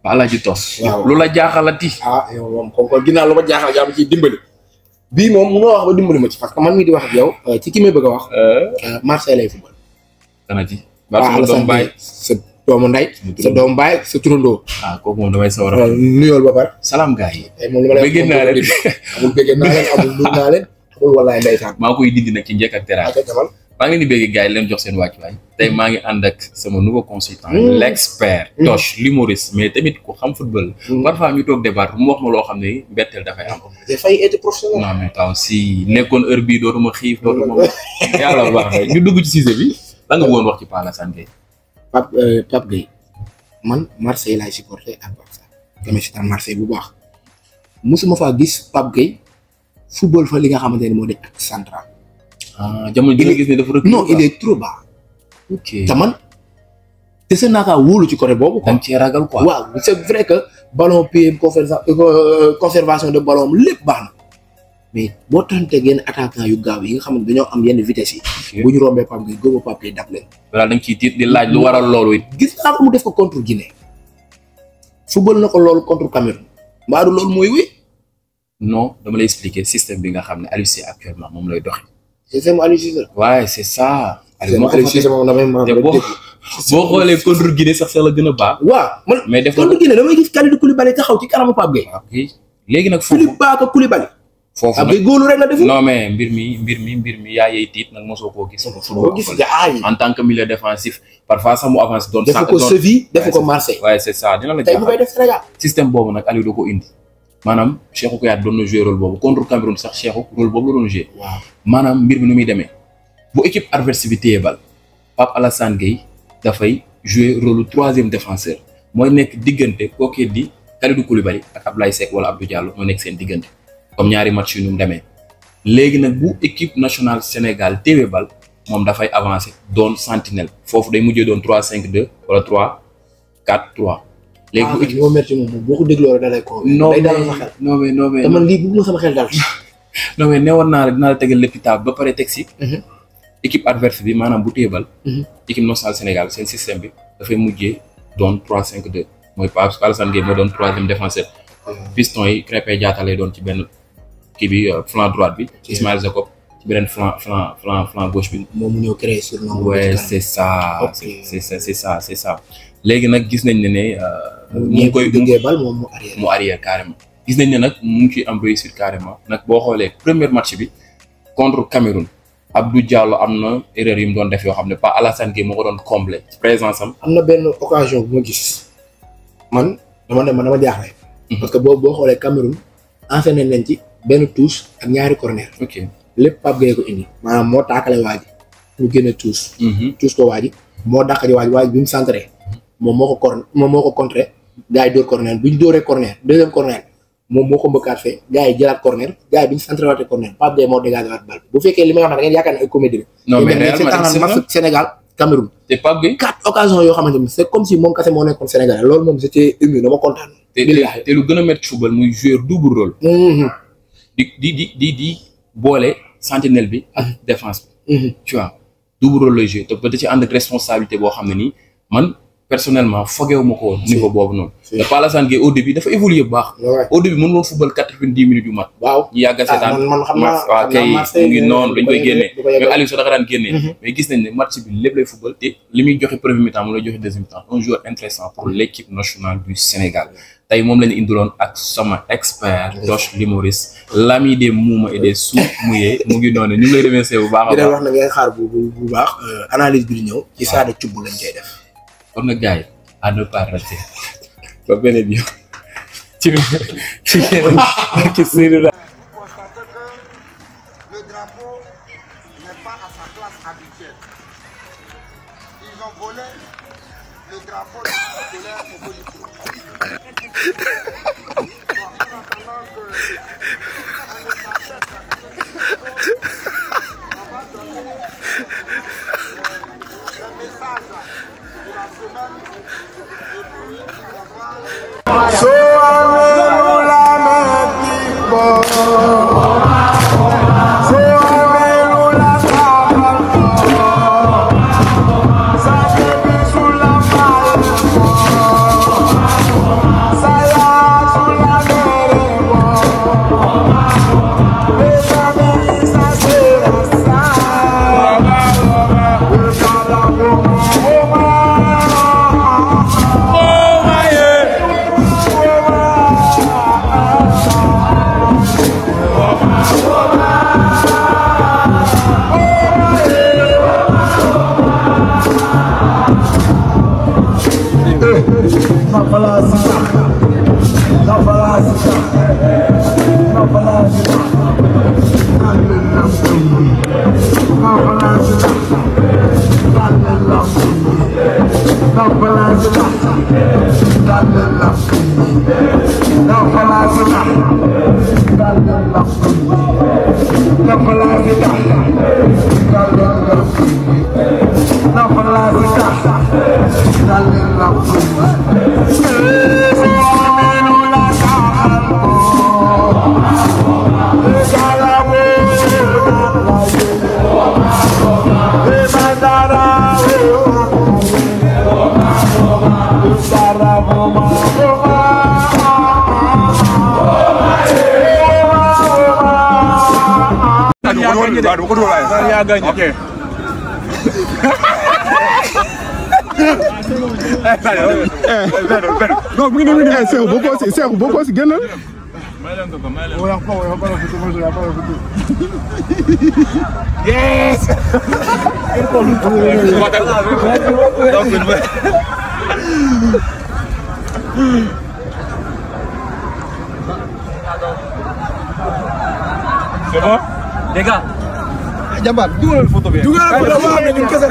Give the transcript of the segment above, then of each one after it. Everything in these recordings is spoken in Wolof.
ba alaaji tos. lu la jaaxalati. ah yow moom kon kon ginnaaw lu ma jaaxal dimbali. bii moom munoo wax ba dimbali ma ci parce que man mii di wax ak yow. Euh, ki may bëgg a wax. Euh? Euh, ma ah, doomu nday sa doomu baay sa turandoo. ah kooku moom damay sawar a. nuyool ba pare. salaam gars yi. Eh, moom lu ma lay wax moom amul bëgg naa leen amul koy dindi nag ci njëkk maa ngi leen di bëgg gars yi leen jox seen wàccuwaay tey maa ngi ànd ak sama nouveau consultant mm. l' expert Toch mm. l'humoriste mais tamit ku xam football mm. parfois ñu toog débat mu wax ma loo xam ne mbetteel dafay am dafay être professionnel non mais taw si nekkoon heure bii dootuma xiif dootuma yàlla baax ñu dugg ci sujet bi lan nga bëggoon wax ci Pala Santé Pape euh, Pape Gueye man Marseille laay supporté ak Barça bu baax mosuma faa gis Pape Gueye football fa li nga xamante ne moo di ak central Ah, jamono ji nga gis ne dafa rëkk non il est trop bas. ok te man dese naa kaa wóolu ci côté boobu. da cee ragal ko waaw c'est vrai que ballon pied euh, euh, conservation de ballon lépp baax na. mais boo tànnatee yenn attaquant yu gaaw yi nga xam ne dañoo am yenn vitesse yi. bu ñu rombee Pape Gueye góobo Pape Gueye dab leen. voilà dañ ciy tiit di laaj lu waral loolu it. gis naa mu def ko contre Guinée. football na ko loolu contre Cameroun. mbaa du loolu mooy wéy. non dama lay expliquer système bi nga xam ne Aliou actuellement moom lay doxee. c'est ça waaye c'est ça. Aliou Cissé moom damay boo xoolee contre Guinée sax sax la gën a baax. waaw man mais def contre Guinée damay gis Kalidou Koulibaly taxaw ci kanamu Pape Gueye. ok léegi nag foofu Koulibaly foofu nag góolu rek la def. non mais mbir mi mbir mi mbir mi yaa yey tiit nag mosoo koo gis. mosoo gis en tant que milieu défensif parfois sax mu avance. doon sax doon defu ko Séville defu ko Marseille. waaye la jaaxal tey bu boobu nag Aliou da ko indi. maanaam Cheikhou Kouyaté doon na joué rôle boobu contre Cameroun sax Cheikhou rôle boobu la doon joué. waaw maanaam mbir mi nu muy demee bu équipe adverse bi téye bal Pape Alassane Gueye dafay joué rôle troisième défenseur mooy nekk diggante kookee di Kalidou Koulibaly ak Ablaye Seck wala Abdou Diallo moo nekk seen diggante comme ñaari match yu nu mu demee léegi nag bu équipe nationale Sénégal téye bal moom dafay avancé doon sentinelle foofu day mujjee doon 3 5 wala 3 4 3. léegi bu équipe merci moom boo ko dégloo rek da lay ko day dalal sa xel non mais non mais dama lii bëgguma sama xel dal non mais newoon naa la dinaa la tegal lépitable ba pare teg si mhm. équipe adverse bi maanaam bu téebal mhm. équipe nationale Sénégal seen système bi dafay mujjee doon 3 5 2 mooy Pape Alassane Gueye mooy doon troisième défenseur piston yi Krépin Diatta lay doon ci benn kii bi euh, flanc droite bi Ismaël Jakobs ci beneen flanc flanc flanc flanc gauche bi moom mu ñëw créé surnom ouais c'est ça c'est ça c'est ça c'est ça léegi nag gis nañ ne ne. Euh, mu ngi koy mu bal moom mu arrière. mu arrière gis nañ ne nag mu ngi ciy am réussite carrément nag boo xoolee première match bi contre Cameroun Abdou Diallo am na erreur yu mu doon def yoo xam ne pas Alassane Gueye moo ko doon combler présence am. am na benn occasion bu ma gis man dama ne man dama jaaxle. Mhm. parce que boobu boo xoolee Cameroun enchaîné nañ ci benn touche ak ñaari corner. ok lépp Pape Gueye ko indi. maanaam moo taakale waaj ñu génne touche. tous mhm. ko waaj moo dàq ji waaj waaj bi mu moom moo ko corner moom moo ko contrer gars yi dóor corner bu ñu dóoree corner deuxième corner moom moo ko mbëkkaat fee gars yi jëlaat corner gars yi bi ñu centré waatee corner Pape Gueye moo dégagé waat bal bu fekkee li may wax na da ngeen yaakaar ne ay comédie la. non mais match Sénégal Cameroun. te Pape Gueye quatre occasions yoo xamante ni c' est comme si moom kese moo nekkoon Sénégal loolu moom j' étais ému dama kontaan. te te lu gën a métti football muy joueur double rôle. Mm-hmm. di di di di di boole sentinelle bi ak mm-hmm. défense bi. Mm-hmm. tu vois double rôle lay joué te ba da ci ànd ak responsabilité boo xam ne nii man personnellement fogeewu ma ko woon niveau boobu noonu te Paa Alassane Gueye au début dafa évoluer bu baax au début mën ah, mu ngi noonu dañ koy génnee mhm. mais gis nañ ne match bi lépp lay football te li muy joxe premier mi-temps mu lay joxe deuxième mi un joueur intéressant pour l'équipe nationale du Sénégal tey moom lañu indiloon ak sama expert Toch Limoris l'ami des muuma et des sous-mouillés mu ngi noonu ñu ngi lay remercier bu baax a baax bu bu baax euh, analyse bi di ñëw ci Sada Thioub lañ koy am na gars yi à ne pas rater ba beneen ci ci ci Seydou Dame. Le drapeau n'est sa place habituelle. So balance la dal la na balance la dal la na balance la dal la na balance la dal la ko dóor waaye. waaw yaa gaañ ok. non mu ngi nii mu ngi nii. Eh, Seex boo ko si Seex boo ko si génnal. Yes! C'est bon Les gars jàmbaar dugalal photo bi dugalal photo bi dugal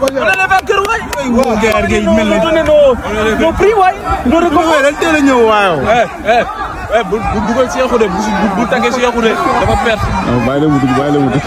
on est vers kër waay waaw eh, eh, eh, bu dugal ci yaxu bu bu ci yaxu de dafa perte bàyyi la mu dugg bàyyi la mu dugg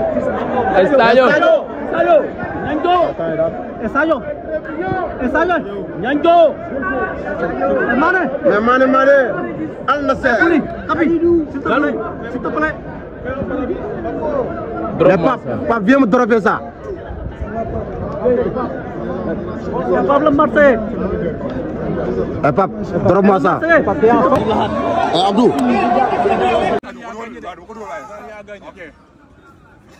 Ensayo. Ensayo. Ñango. Ensayo. Ensayo. Ñango. Hermane. Hermane Mane. Al Nasser. Capito. S'il te plaît. S'il te plaît. Mais pas, pas viens me dropper ça. drop-moi ça. Eh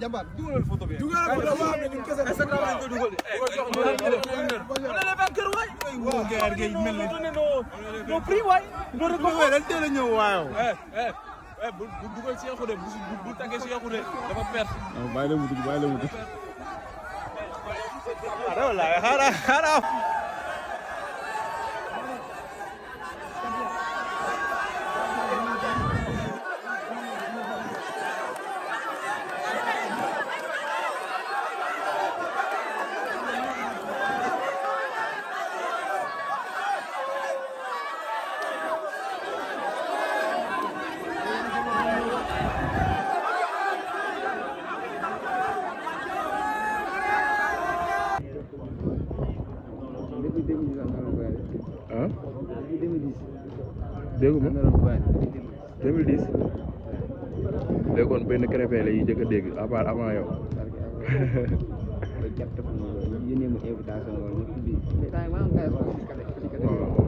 jàmbaar dugalal photo bi dugalal photo waaw ñu kese la Instagram lañ ko dugal eh, on est le vainqueur waay waaw gérard gay mel na no prix waay no rek ko wéral teel a ñëw waaw eh eh eh bu dugal Cheikhou de bu tàggee Cheikhou de dafa perte ah, bàyyi la mu dugg bàyyi la mu dugg ara wala ara ara ah. 2010. déggu ma 2010. léegi kon benn crépé la ñuy jëkk a dégg à part avant yow. waaw.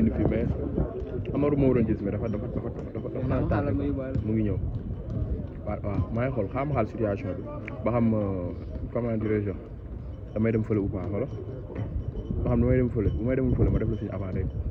indi fii mais Amadou moo waroon gis mais dafa dafa dafa dafa naan tànn mu ngi ñëw waaw waaw maa ngi xool xam xaal situation bi ba xam euh, comment dirais-je damay dem fële ou pas xoolal ba xam damay dem fële bu may fële ma def la suñu avant rek